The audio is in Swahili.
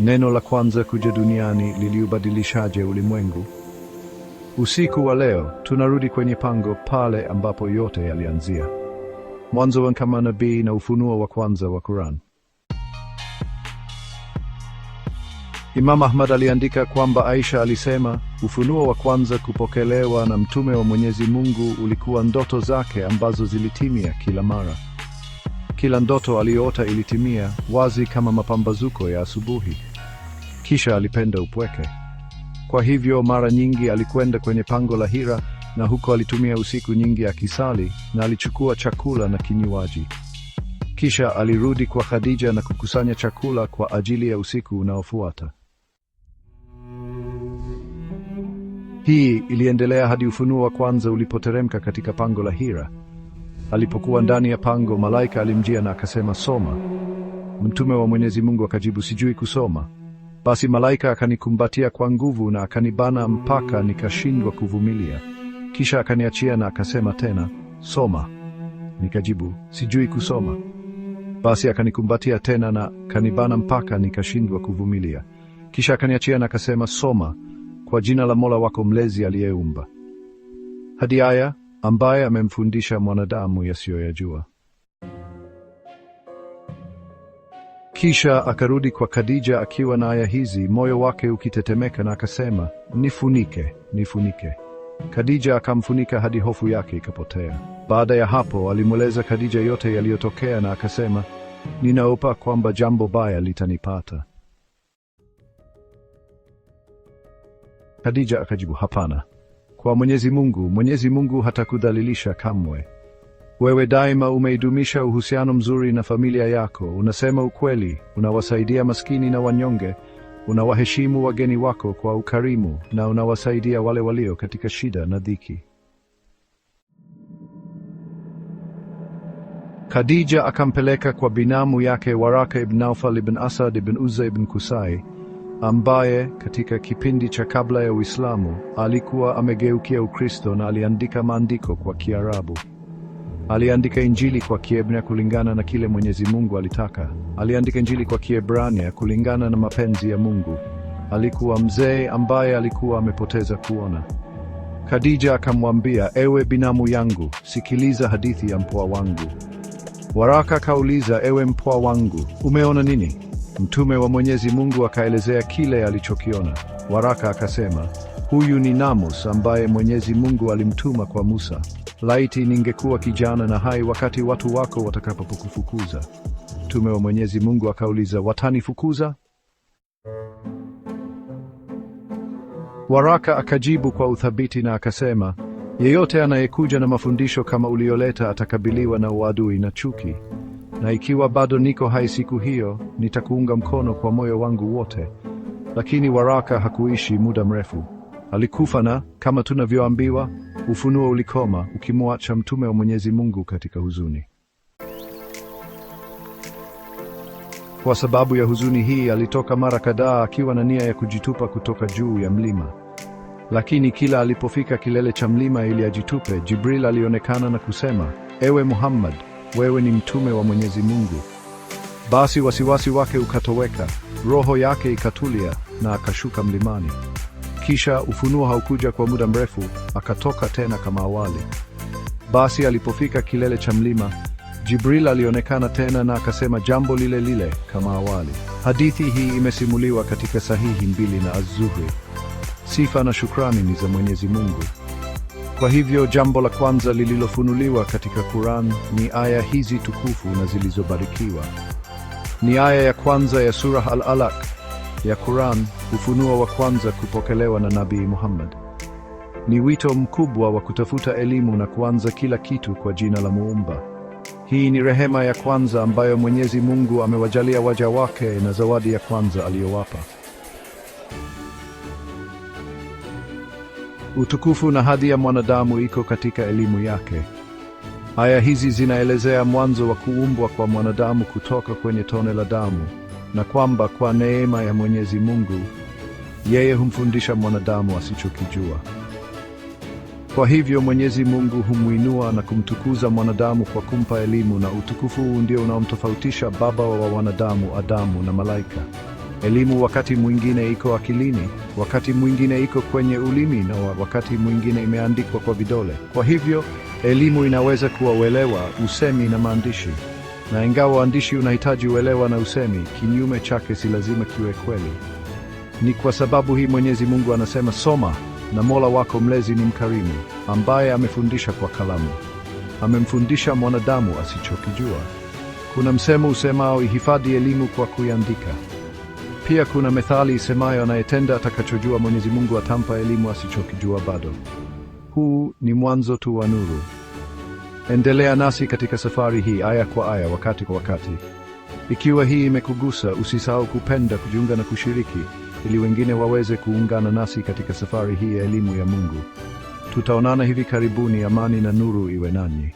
Neno la kwanza kuja duniani liliubadilishaje ulimwengu? Usiku wa leo tunarudi kwenye pango pale ambapo yote yalianzia, mwanzo wa kama nabii na ufunuo wa kwanza wa Quran. Imam Ahmad aliandika kwamba Aisha alisema, ufunuo wa kwanza kupokelewa na mtume wa Mwenyezi Mungu ulikuwa ndoto zake ambazo zilitimia kila mara. Kila ndoto aliyoota ilitimia wazi kama mapambazuko ya asubuhi. Kisha alipenda upweke. Kwa hivyo mara nyingi alikwenda kwenye pango la Hira, na huko alitumia usiku nyingi akisali na alichukua chakula na kinywaji. Kisha alirudi kwa Khadija na kukusanya chakula kwa ajili ya usiku unaofuata. Hii iliendelea hadi ufunuo wa kwanza ulipoteremka katika pango la Hira. Alipokuwa ndani ya pango, malaika alimjia na akasema, soma. Mtume wa Mwenyezi Mungu akajibu, sijui kusoma. Basi malaika akanikumbatia kwa nguvu na akanibana mpaka nikashindwa kuvumilia. Kisha akaniachia na akasema tena, soma. Nikajibu, sijui kusoma. Basi akanikumbatia tena na kanibana mpaka nikashindwa kuvumilia. Kisha akaniachia na akasema, soma kwa jina la Mola wako mlezi aliyeumba. Hadi haya ambaye amemfundisha mwanadamu yasiyoyajua. Kisha akarudi kwa Khadija akiwa na aya hizi, moyo wake ukitetemeka, na akasema, nifunike, nifunike. Khadija akamfunika hadi hofu yake ikapotea. Baada ya hapo, alimweleza Khadija yote yaliyotokea, na akasema, ninaopa kwamba jambo baya litanipata. Khadija akajibu, hapana kwa Mwenyezi Mungu. Mwenyezi Mungu hatakudhalilisha kamwe. Wewe daima umeidumisha uhusiano mzuri na familia yako, unasema ukweli, unawasaidia maskini na wanyonge, unawaheshimu wageni wako kwa ukarimu, na unawasaidia wale walio katika shida na dhiki. Khadija akampeleka kwa binamu yake Waraka ibn Naufal ibn Asad ibn Uzza ibn Kusai ambaye katika kipindi cha kabla ya Uislamu alikuwa amegeukia Ukristo na aliandika maandiko kwa Kiarabu. Aliandika Injili kwa Kiebrania kulingana na kile Mwenyezi Mungu alitaka. Aliandika Injili kwa Kiebrania kulingana na mapenzi ya Mungu. Alikuwa mzee ambaye alikuwa amepoteza kuona. Khadija akamwambia, ewe binamu yangu, sikiliza hadithi ya mpwa wangu. Waraka kauliza, ewe mpwa wangu, umeona nini? Mtume wa Mwenyezi Mungu akaelezea kile alichokiona. Waraka akasema, huyu ni Namus ambaye Mwenyezi Mungu alimtuma kwa Musa. Laiti ningekuwa kijana na hai wakati watu wako watakapokufukuza. Mtume wa Mwenyezi Mungu akauliza, watanifukuza? Waraka akajibu kwa uthabiti na akasema, yeyote anayekuja na mafundisho kama ulioleta atakabiliwa na uadui na chuki na ikiwa bado niko hai siku hiyo, nitakuunga mkono kwa moyo wangu wote. Lakini Waraka hakuishi muda mrefu, alikufa na kama tunavyoambiwa, ufunuo ulikoma ukimwacha mtume wa Mwenyezi Mungu katika huzuni. Kwa sababu ya huzuni hii, alitoka mara kadhaa akiwa na nia ya kujitupa kutoka juu ya mlima, lakini kila alipofika kilele cha mlima ili ajitupe, Jibril alionekana na kusema, ewe Muhammad, wewe ni mtume wa Mwenyezi Mungu. Basi wasiwasi wake ukatoweka, roho yake ikatulia na akashuka mlimani. Kisha ufunuo haukuja kwa muda mrefu, akatoka tena kama awali. Basi alipofika kilele cha mlima, Jibril alionekana tena na akasema jambo lile lile kama awali. Hadithi hii imesimuliwa katika Sahihi mbili na Az-Zuhri. Sifa na shukrani ni za Mwenyezi Mungu. Kwa hivyo jambo la kwanza lililofunuliwa katika Quran ni aya hizi tukufu na zilizobarikiwa. Ni aya ya kwanza ya Surah Al-Alaq ya Quran, ufunuo wa kwanza kupokelewa na Nabii Muhammad. Ni wito mkubwa wa kutafuta elimu na kuanza kila kitu kwa jina la Muumba. Hii ni rehema ya kwanza ambayo Mwenyezi Mungu amewajalia waja wake na zawadi ya kwanza aliyowapa. Utukufu na hadhi ya mwanadamu iko katika elimu yake. Aya hizi zinaelezea mwanzo wa kuumbwa kwa mwanadamu kutoka kwenye tone la damu, na kwamba kwa neema ya Mwenyezi Mungu yeye humfundisha mwanadamu asichokijua. Kwa hivyo Mwenyezi Mungu humwinua na kumtukuza mwanadamu kwa kumpa elimu, na utukufu huu ndio unaomtofautisha baba wa wanadamu, Adamu, na malaika. Elimu wakati mwingine iko akilini, wakati mwingine iko kwenye ulimi na wakati mwingine imeandikwa kwa vidole. Kwa hivyo elimu inaweza kuwa uelewa, usemi na maandishi, na ingawa uandishi unahitaji uelewa na usemi, kinyume chake si lazima kiwe kweli. Ni kwa sababu hii Mwenyezi Mungu anasema, soma na Mola wako mlezi ni mkarimu, ambaye amefundisha kwa kalamu, amemfundisha mwanadamu asichokijua. Kuna msemo usemao, ihifadhi elimu kwa kuiandika. Pia kuna methali isemayo anayetenda atakachojua Mwenyezi Mungu atampa elimu asichokijua bado. Huu ni mwanzo tu wa nuru. Endelea nasi katika safari hii aya kwa aya, wakati kwa wakati. Ikiwa hii imekugusa, usisahau kupenda, kujiunga na kushiriki ili wengine waweze kuungana nasi katika safari hii ya elimu ya Mungu. Tutaonana hivi karibuni. Amani na nuru iwe nanyi.